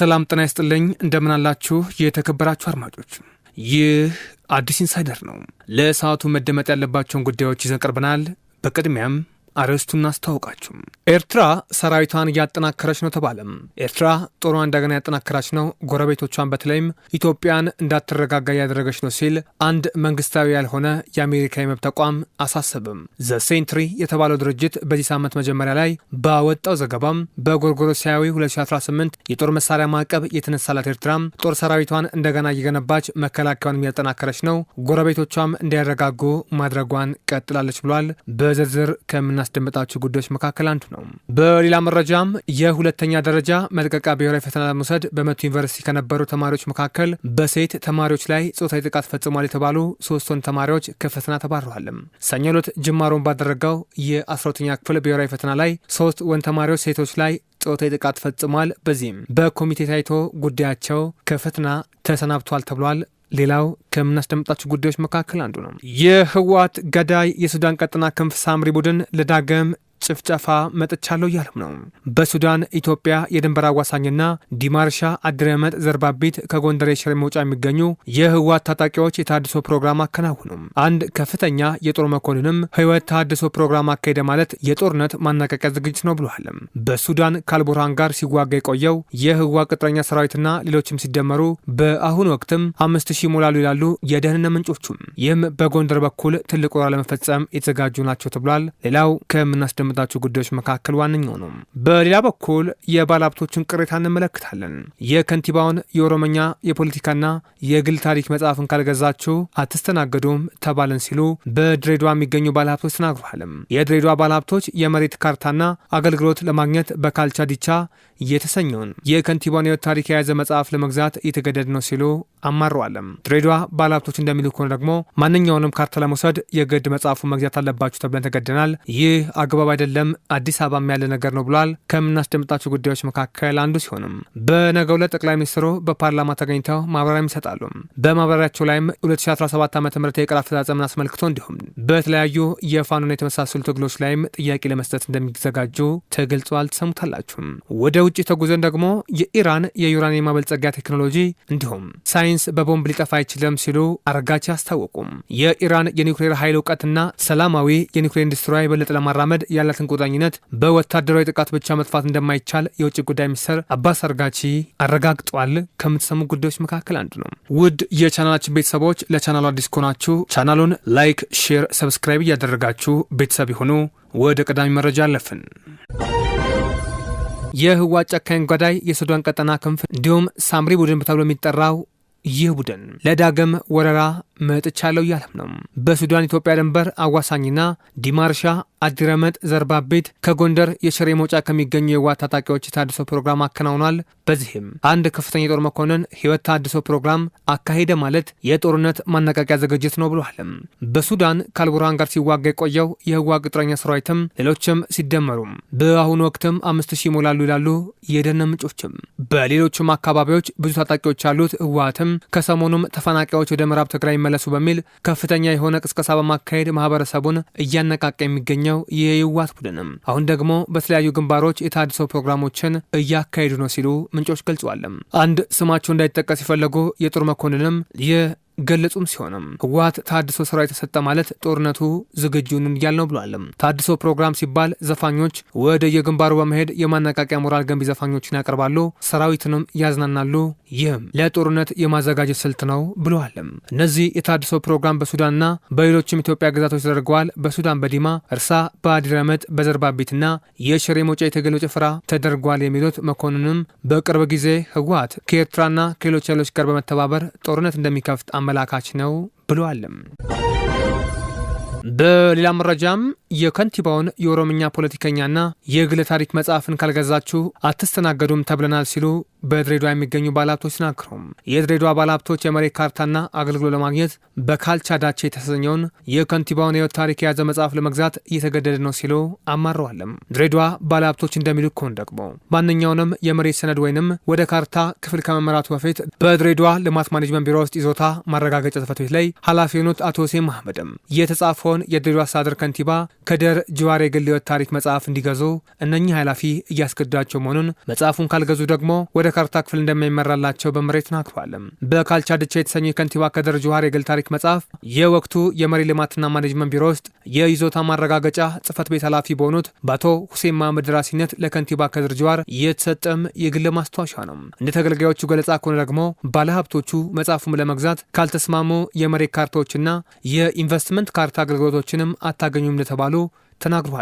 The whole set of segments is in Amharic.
ሰላም ጤና ይስጥልኝ። እንደምን አላችሁ የተከበራችሁ አድማጮች? ይህ አዲስ ኢንሳይደር ነው። ለሰዓቱ መደመጥ ያለባቸውን ጉዳዮች ይዘን ቀርበናል። በቅድሚያም አርዕስቱን እናስታውቃችሁ። ኤርትራ ሰራዊቷን እያጠናከረች ነው ተባለም። ኤርትራ ጦሯን እንደገና ያጠናከራች ነው፣ ጎረቤቶቿን በተለይም ኢትዮጵያን እንዳትረጋጋ እያደረገች ነው ሲል አንድ መንግስታዊ ያልሆነ የአሜሪካ የመብት ተቋም አሳሰብም። ዘ ሴንትሪ የተባለው ድርጅት በዚህ ሳምንት መጀመሪያ ላይ ባወጣው ዘገባም በጎርጎሮሳዊ 2018 የጦር መሳሪያ ማዕቀብ የተነሳላት ኤርትራም ጦር ሰራዊቷን እንደገና እየገነባች መከላከያዋን እያጠናከረች ነው፣ ጎረቤቶቿም እንዲያረጋጉ ማድረጓን ቀጥላለች ብሏል። በዝርዝር ከምና ከሚያስደምጣቸው ጉዳዮች መካከል አንዱ ነው። በሌላ መረጃም የሁለተኛ ደረጃ መልቀቂያ ብሔራዊ ፈተና ለመውሰድ በመቱ ዩኒቨርሲቲ ከነበሩ ተማሪዎች መካከል በሴት ተማሪዎች ላይ ጾታዊ ጥቃት ፈጽሟል የተባሉ ወንድ ተማሪዎች ከፈተና ተባረዋል። ሰኞ ዕለት ጅማሮን ባደረገው የ12ኛ ክፍል ብሔራዊ ፈተና ላይ ሶስት ወንድ ተማሪዎች ሴቶች ላይ ጾታዊ ጥቃት ፈጽሟል፣ በዚህም በኮሚቴ ታይቶ ጉዳያቸው ከፈተና ተሰናብቷል ተብሏል። ሌላው ከምናስደምጣቸው ጉዳዮች መካከል አንዱ ነው። የህወሓት ገዳይ የሱዳን ቀጠና ክንፍ ሳምሪ ቡድን ለዳግም ጭፍጨፋ መጥቻለሁ እያለም ነው። በሱዳን ኢትዮጵያ የድንበር አዋሳኝና ዲማርሻ አድረመጥ ዘርባቢት ከጎንደር የሽሬ መውጫ የሚገኙ የህወሓት ታጣቂዎች የታድሶ ፕሮግራም አከናወኑ። አንድ ከፍተኛ የጦር መኮንንም ህይወት ታድሶ ፕሮግራም አካሄደ ማለት የጦርነት ማናቀቂያ ዝግጅት ነው ብለዋል። በሱዳን ከአልቡርሃን ጋር ሲዋጋ የቆየው የህወሓት ቅጥረኛ ሰራዊትና ሌሎችም ሲደመሩ በአሁኑ ወቅትም አምስት ሺህ ይሞላሉ ይላሉ የደህንነት ምንጮቹም። ይህም በጎንደር በኩል ትልቅ ወራ ለመፈጸም የተዘጋጁ ናቸው ተብሏል። ሌላው ከምናስደምጠ ከያዝናቸው ጉዳዮች መካከል ዋነኛው ነው። በሌላ በኩል የባለሀብቶችን ቅሬታ እንመለከታለን። የከንቲባውን የኦሮመኛ የፖለቲካና የግል ታሪክ መጽሐፍን ካልገዛችሁ አትስተናገዱም ተባለን ሲሉ በድሬዳዋ የሚገኙ ባለሀብቶች ተናግረዋል። የድሬዳዋ ባለሀብቶች የመሬት ካርታና አገልግሎት ለማግኘት በካልቻ ዲቻ የተሰኘውን የከንቲባውን የሕይወት ታሪክ የያዘ መጽሐፍ ለመግዛት እየተገደድ ነው ሲሉ አማረዋለም። ድሬዳዋ ባለሀብቶች እንደሚሉ ከሆነ ደግሞ ማንኛውንም ካርታ ለመውሰድ የግድ መጽሐፉን መግዛት አለባችሁ ተብለን ተገደናል። ይህ አግባብ አይደለም አይደለም አዲስ አበባም ያለ ነገር ነው ብሏል። ከምናስደምጣቸው ጉዳዮች መካከል አንዱ ሲሆንም በነገው ዕለት ጠቅላይ ሚኒስትሩ በፓርላማ ተገኝተው ማብራሪያም ይሰጣሉ። በማብራሪያቸው ላይም 2017 ዓ ም የቅር አፈጻጸምን አስመልክቶ እንዲሁም በተለያዩ የፋኖና የተመሳሰሉ ትግሎች ላይም ጥያቄ ለመስጠት እንደሚዘጋጁ ተገልጿል። ትሰሙታላችሁም። ወደ ውጭ ተጉዘን ደግሞ የኢራን የዩራኒየም ማበልጸጊያ ቴክኖሎጂ እንዲሁም ሳይንስ በቦምብ ሊጠፋ አይችልም ሲሉ አረጋች አስታወቁም። የኢራን የኒውክሌር ኃይል እውቀትና ሰላማዊ የኒውክሌር ኢንዱስትሪ የበለጠ ለማራመድ ያለ ያላትን ቁርጠኝነት በወታደራዊ ጥቃት ብቻ መጥፋት እንደማይቻል የውጭ ጉዳይ ሚኒስትር አባስ አርጋቺ አረጋግጧል። ከምትሰሙ ጉዳዮች መካከል አንዱ ነው። ውድ የቻናላችን ቤተሰቦች ለቻናሉ አዲስ ከሆናችሁ ቻናሉን ላይክ፣ ሼር፣ ሰብስክራይብ እያደረጋችሁ ቤተሰብ የሆኑ ወደ ቀዳሚ መረጃ አለፍን። የህወሓት ጨካኝ ጓዳይ የሱዳን ቀጠና ክንፍ እንዲሁም ሳምሪ ቡድን ተብሎ የሚጠራው ይህ ቡድን ለዳግም ወረራ መጥቻለሁ እያለም ነው። በሱዳን ኢትዮጵያ ድንበር አዋሳኝና ዲማርሻ አዲረመጥ ዘርባ ቤት ከጎንደር የሽሬ መውጫ ከሚገኙ የዋ ታጣቂዎች የታድሶ ፕሮግራም አከናውኗል። በዚህም አንድ ከፍተኛ የጦር መኮንን ህይወት ታድሶ ፕሮግራም አካሄደ ማለት የጦርነት ማነቃቂያ ዝግጅት ነው ብሏል። በሱዳን ካልቡራን ጋር ሲዋጋ የቆየው የህዋ ቅጥረኛ ሰራዊትም ሌሎችም ሲደመሩ በአሁኑ ወቅትም አምስት ሺህ ይሞላሉ ይላሉ የደን ምንጮችም። በሌሎችም አካባቢዎች ብዙ ታጣቂዎች ያሉት ህወሀትም ከሰሞኑም ተፈናቃዮች ወደ ምዕራብ ትግራይ ይመለሱ በሚል ከፍተኛ የሆነ ቅስቀሳ በማካሄድ ማህበረሰቡን እያነቃቀ የሚገኘው የህወሓት ቡድንም አሁን ደግሞ በተለያዩ ግንባሮች የታድሶ ፕሮግራሞችን እያካሄዱ ነው ሲሉ ምንጮች ገልጸዋል። አንድ ስማቸው እንዳይጠቀስ የፈለጉ የጦር መኮንንም ገለጹም ሲሆንም ህወሓት ታድሶ ስራ የተሰጠ ማለት ጦርነቱ ዝግጁን እያል ነው ብሏል። ታድሶ ፕሮግራም ሲባል ዘፋኞች ወደ የግንባሩ በመሄድ የማነቃቂያ ሞራል ገንቢ ዘፋኞችን ያቀርባሉ፣ ሰራዊትንም ያዝናናሉ፣ ይህም ለጦርነት የማዘጋጀት ስልት ነው ብለዋልም። እነዚህ የታድሶ ፕሮግራም በሱዳንና በሌሎችም ኢትዮጵያ ግዛቶች ተደርገዋል። በሱዳን በዲማ እርሳ፣ በአዲረመጥ፣ በዘርባቢትና የሽሬ መውጫ የትግል ጭፍራ ተደርጓል የሚሉት መኮንንም በቅርብ ጊዜ ህወሓት ከኤርትራና ከሌሎች ኃይሎች ጋር በመተባበር ጦርነት እንደሚከፍት አመላካች ነው ብለዋልም። በሌላ መረጃም የከንቲባውን የኦሮምኛ ፖለቲከኛና የግለ ታሪክ መጽሐፍን ካልገዛችሁ አትስተናገዱም ተብለናል ሲሉ በድሬዳዋ የሚገኙ ባለሀብቶች ተናግረዋል። የድሬዳዋ ባለሀብቶች የመሬት ካርታና አገልግሎት ለማግኘት በካልቻ ዳቼ የተሰኘውን የከንቲባውን የሕይወት ታሪክ የያዘ መጽሐፍ ለመግዛት እየተገደደ ነው ሲሉ አማረዋለም። ድሬዳዋ ባለሀብቶች እንደሚሉ ከሆን ደግሞ ማንኛውንም የመሬት ሰነድ ወይንም ወደ ካርታ ክፍል ከመመራቱ በፊት በድሬዳዋ ልማት ማኔጅመንት ቢሮ ውስጥ ይዞታ ማረጋገጫ ጽሕፈት ቤት ላይ ኃላፊ የሆኑት አቶ ሁሴን መሐመድም የተጻፈ ሸኮን የድሬዳዋ አስተዳደር ከንቲባ ከደር ጅዋር የግል ሕይወት ታሪክ መጽሐፍ እንዲገዙ እነኚህ ኃላፊ እያስገድዳቸው መሆኑን መጽሐፉን ካልገዙ ደግሞ ወደ ካርታ ክፍል እንደማይመራላቸው በመሬት ተናግረዋል። በካልቻ ድቻ የተሰኘ የከንቲባ ከደር ጅዋር የግል ታሪክ መጽሐፍ የወቅቱ የመሪ ልማትና ማኔጅመንት ቢሮ ውስጥ የይዞታ ማረጋገጫ ጽህፈት ቤት ኃላፊ በሆኑት በአቶ ሁሴን ማህመድ ራሲነት ለከንቲባ ከድር ጅዋር የተሰጠም የግል ማስታወሻ ነው። እንደ ተገልጋዮቹ ገለጻ ከሆነ ደግሞ ባለሀብቶቹ መጽሐፉን ለመግዛት ካልተስማሙ የመሬት ካርታዎችና የኢንቨስትመንት ካርታ አገልግሎቶችንም አታገኙም ለተባሉ ተናግሯል።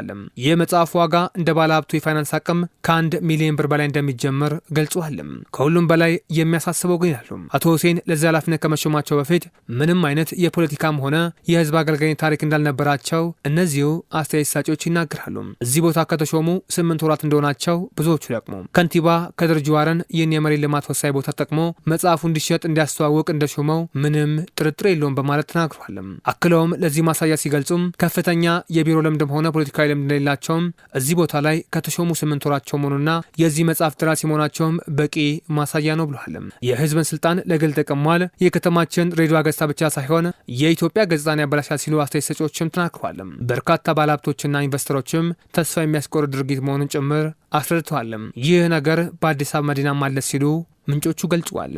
የመጽሐፉ ዋጋ እንደ ባለሀብቱ የፋይናንስ አቅም ከአንድ ሚሊዮን ብር በላይ እንደሚጀምር ገልጿልም። ከሁሉም በላይ የሚያሳስበው ግን ያሉ አቶ ሁሴን ለዚህ ኃላፊነት ከመሾማቸው በፊት ምንም አይነት የፖለቲካም ሆነ የህዝብ አገልጋኝ ታሪክ እንዳልነበራቸው እነዚሁ አስተያየት ሰጪዎች ይናገራሉ። እዚህ ቦታ ከተሾሙ ስምንት ወራት እንደሆናቸው ብዙዎቹ ደግሞ ከንቲባ ከድር ጁሃርን ይህን የመሬት ልማት ወሳኝ ቦታ ተጠቅሞ መጽሐፉ እንዲሸጥ እንዲያስተዋውቅ እንደሾመው ምንም ጥርጥር የለውም በማለት ተናግሯልም። አክለውም ለዚህ ማሳያ ሲገልጹም ከፍተኛ የቢሮ ልምድም ሆነ የሆነ ፖለቲካዊ ልምድ እንደሌላቸውም እዚህ ቦታ ላይ ከተሾሙ ስምንት ወራቸው መሆኑና የዚህ መጽሐፍ ደራሲ መሆናቸውም በቂ ማሳያ ነው ብሏል። የህዝብን ስልጣን ለግል ጠቅሟል፣ የከተማችን ሬዲዮ ገጽታ ብቻ ሳይሆን የኢትዮጵያ ገጽታን ያበላሻል ሲሉ አስተያየት ሰጪዎችም ተናግረዋል። በርካታ ባለሀብቶችና ኢንቨስተሮችም ተስፋ የሚያስቆርጥ ድርጊት መሆኑን ጭምር አስረድተዋል። ይህ ነገር በአዲስ አበባ መዲና ማለት ሲሉ ምንጮቹ ገልጸዋል።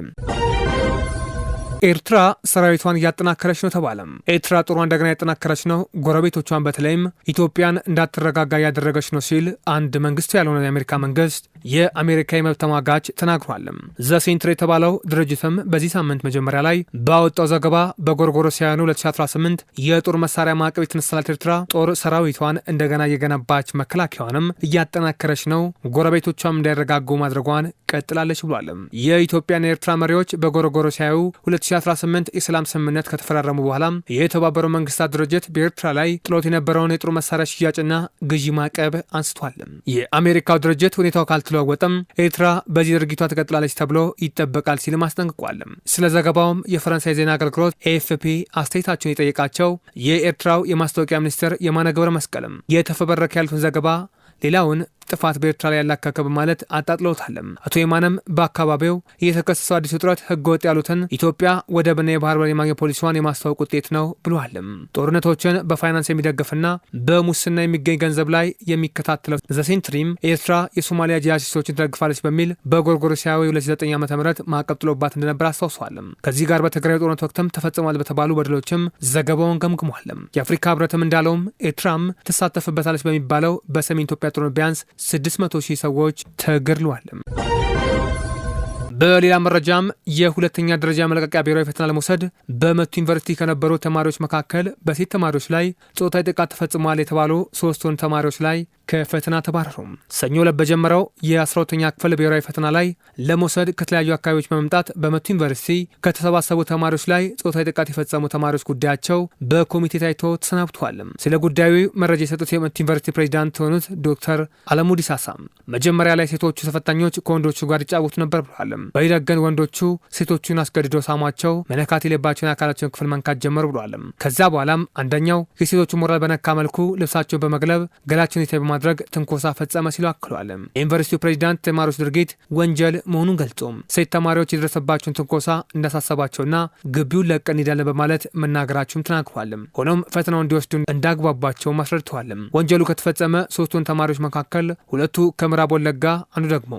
ኤርትራ ሰራዊቷን እያጠናከረች ነው ተባለም። ኤርትራ ጦሯ እንደገና ያጠናከረች ነው፣ ጎረቤቶቿን በተለይም ኢትዮጵያን እንዳትረጋጋ እያደረገች ነው ሲል አንድ መንግስቱ ያልሆነ የአሜሪካ መንግስት የአሜሪካ የመብት ተሟጋች ተናግሯልም። ዘ ሴንትር የተባለው ድርጅትም በዚህ ሳምንት መጀመሪያ ላይ ባወጣው ዘገባ በጎርጎሮሳውያኑ 2018 የጦር መሳሪያ ማዕቀብ የተነሳላት ኤርትራ ጦር ሰራዊቷን እንደገና እየገነባች መከላከያዋንም እያጠናከረች ነው፣ ጎረቤቶቿም እንዳይረጋጉ ማድረጓን ቀጥላለች ብሏልም። የኢትዮጵያና የኤርትራ መሪዎች በጎርጎሮሳዊ 2018 የሰላም ስምምነት ከተፈራረሙ በኋላ የተባበሩት መንግስታት ድርጅት በኤርትራ ላይ ጥሎት የነበረውን የጦር መሳሪያ ሽያጭና ግዢ ማዕቀብ አንስቷልም። የአሜሪካው ድርጅት ሁኔታው ብትለዋወጥም ኤርትራ በዚህ ድርጊቷ ትቀጥላለች ተብሎ ይጠበቃል ሲልም አስጠንቅቋል። ስለ ዘገባውም የፈረንሳይ ዜና አገልግሎት ኤኤፍፒ አስተያየታቸውን የጠየቃቸው የኤርትራው የማስታወቂያ ሚኒስትር የማነ ገብረ መስቀልም የተፈበረከ ያሉትን ዘገባ ሌላውን ጥፋት በኤርትራ ላይ ያላካከብ ማለት አጣጥለውታለም። አቶ የማነም በአካባቢው እየተከሰሰው አዲስ ውጥረት ህገወጥ ያሉትን ኢትዮጵያ ወደብና የባህር በር የማግኘት ፖሊሲዋን የማስታወቅ ውጤት ነው ብለዋልም። ጦርነቶችን በፋይናንስ የሚደግፍና በሙስና የሚገኝ ገንዘብ ላይ የሚከታተለው ዘሴንትሪም ኤርትራ የሶማሊያ ጂያሲሶችን ትደግፋለች በሚል በጎርጎሮሳዊ 2009 ዓ ም ማዕቀብ ጥሎባት እንደነበር አስታውሷልም። ከዚህ ጋር በትግራይ ጦርነት ወቅትም ተፈጽሟል በተባሉ በደሎችም ዘገባውን ገምግሟልም። የአፍሪካ ህብረትም እንዳለውም ኤርትራም ትሳተፍበታለች በሚባለው በሰሜን ኢትዮጵያ ተፈጥሮ ቢያንስ 600 ሺህ ሰዎች ተገድሏል። በሌላ መረጃም የሁለተኛ ደረጃ መልቀቂያ ብሔራዊ ፈተና ለመውሰድ በመቱ ዩኒቨርሲቲ ከነበሩ ተማሪዎች መካከል በሴት ተማሪዎች ላይ ጾታዊ ጥቃት ተፈጽሟል የተባሉ ሶስት ወንድ ተማሪዎች ላይ ከፈተና ተባረሩ። ሰኞ ዕለት በጀመረው የ12ተኛ ክፍል ብሔራዊ ፈተና ላይ ለመውሰድ ከተለያዩ አካባቢዎች በመምጣት በመቱ ዩኒቨርሲቲ ከተሰባሰቡ ተማሪዎች ላይ ጾታዊ ጥቃት የፈጸሙ ተማሪዎች ጉዳያቸው በኮሚቴ ታይቶ ተሰናብቷል። ስለ ጉዳዩ መረጃ የሰጡት የመቱ ዩኒቨርሲቲ ፕሬዚዳንት የሆኑት ዶክተር አለሙ ዲሳሳ መጀመሪያ ላይ ሴቶቹ ተፈታኞች ከወንዶቹ ጋር ይጫወቱ ነበር ብሏል። በሌላ ግን ወንዶቹ ሴቶቹን አስገድደው ሳሟቸው፣ መነካት የሌባቸውን አካላቸውን ክፍል መንካት ጀመሩ ብሏል። ከዚያ በኋላም አንደኛው የሴቶቹ ሞራል በነካ መልኩ ልብሳቸውን በመግለብ ገላቸውን የተ በማድረግ ትንኮሳ ፈጸመ ሲሉ አክሏል። የዩኒቨርሲቲው ፕሬዚዳንት ተማሪዎች ድርጊት ወንጀል መሆኑን ገልጾ ሴት ተማሪዎች የደረሰባቸውን ትንኮሳ እንዳሳሰባቸውና ግቢውን ለቀን እንሄዳለን በማለት መናገራቸውም ተናግሯል። ሆኖም ፈተናው እንዲወስዱ እንዳግባባቸው አስረድተዋል። ወንጀሉ ከተፈጸመ ሶስቱን ተማሪዎች መካከል ሁለቱ ከምዕራብ ወለጋ፣ አንዱ ደግሞ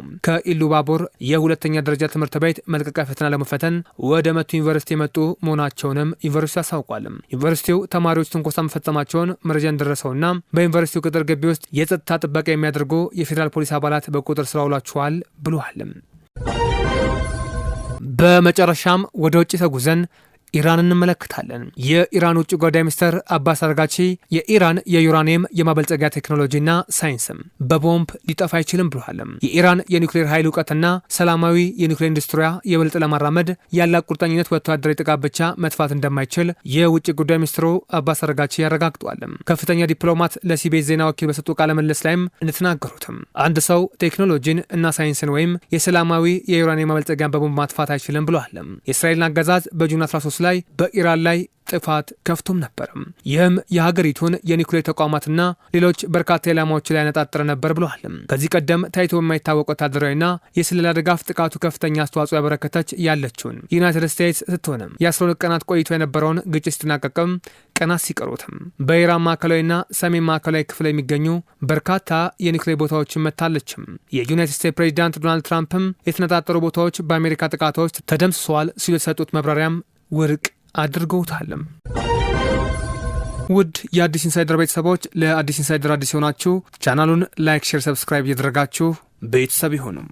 ባቡር የሁለተኛ ደረጃ ትምህርት ቤት መልቀቂያ ፈተና ለመፈተን ወደ መቱ ዩኒቨርሲቲ የመጡ መሆናቸውንም ዩኒቨርሲቲው አስታውቋል። ዩኒቨርሲቲው ተማሪዎች ትንኮሳ መፈጸማቸውን መረጃ እንደደረሰውና በዩኒቨርሲቲው ቅጥር ግቢ ውስጥ የጸጥታ ጥበቃ የሚያደርጉ የፌዴራል ፖሊስ አባላት በቁጥር ስር ውሏቸዋል ብሏል። በመጨረሻም ወደ ውጭ ተጉዘን ኢራን እንመለከታለን። የኢራን ውጭ ጉዳይ ሚኒስትር አባስ አርጋቺ የኢራን የዩራኒየም የማበልጸጊያ ቴክኖሎጂና ሳይንስም በቦምብ ሊጠፋ አይችልም ብሏልም። የኢራን የኒውክሌር ኃይል እውቀትና ሰላማዊ የኒውክሌር ኢንዱስትሪያ የበልጥ ለማራመድ ያላት ቁርጠኝነት ወታደራዊ ጥቃት ብቻ መጥፋት እንደማይችል የውጭ ጉዳይ ሚኒስትሩ አባስ አርጋቺ ያረጋግጧል። ከፍተኛ ዲፕሎማት ለሲቤስ ዜና ወኪል በሰጡ ቃለ ምልልስ ላይም እንደተናገሩትም አንድ ሰው ቴክኖሎጂን እና ሳይንስን ወይም የሰላማዊ የዩራኒየም ማበልጸጊያን በቦምብ ማጥፋት አይችልም ብሏል። የእስራኤልን አገዛዝ በጁን 13 ላይ በኢራን ላይ ጥፋት ከፍቶም ነበርም። ይህም የሀገሪቱን የኒኩሌር ተቋማትና ሌሎች በርካታ ኢላማዎች ላይ ያነጣጠረ ነበር ብለዋል። ከዚህ ቀደም ታይቶ የማይታወቅ ወታደራዊና የስለላ ድጋፍ ጥቃቱ ከፍተኛ አስተዋጽኦ ያበረከተች ያለችውን ዩናይትድ ስቴትስ ስትሆንም የ12 ቀናት ቆይቶ የነበረውን ግጭት ሲጠናቀቅም ቀናት ሲቀሩትም በኢራን ማዕከላዊና ሰሜን ማዕከላዊ ክፍል የሚገኙ በርካታ የኒኩሌር ቦታዎችን መታለችም። የዩናይትድ ስቴትስ ፕሬዚዳንት ዶናልድ ትራምፕም የተነጣጠሩ ቦታዎች በአሜሪካ ጥቃቶች ተደምስሰዋል ሲሉ የተሰጡት መብራሪያም ወርቅ አድርገውታልም። ውድ የአዲስ ኢንሳይደር ቤተሰቦች ለአዲስ ኢንሳይደር አዲስ የሆናችሁ ቻናሉን ላይክ፣ ሼር፣ ሰብስክራይብ እያደረጋችሁ ቤተሰብ ይሆኑም።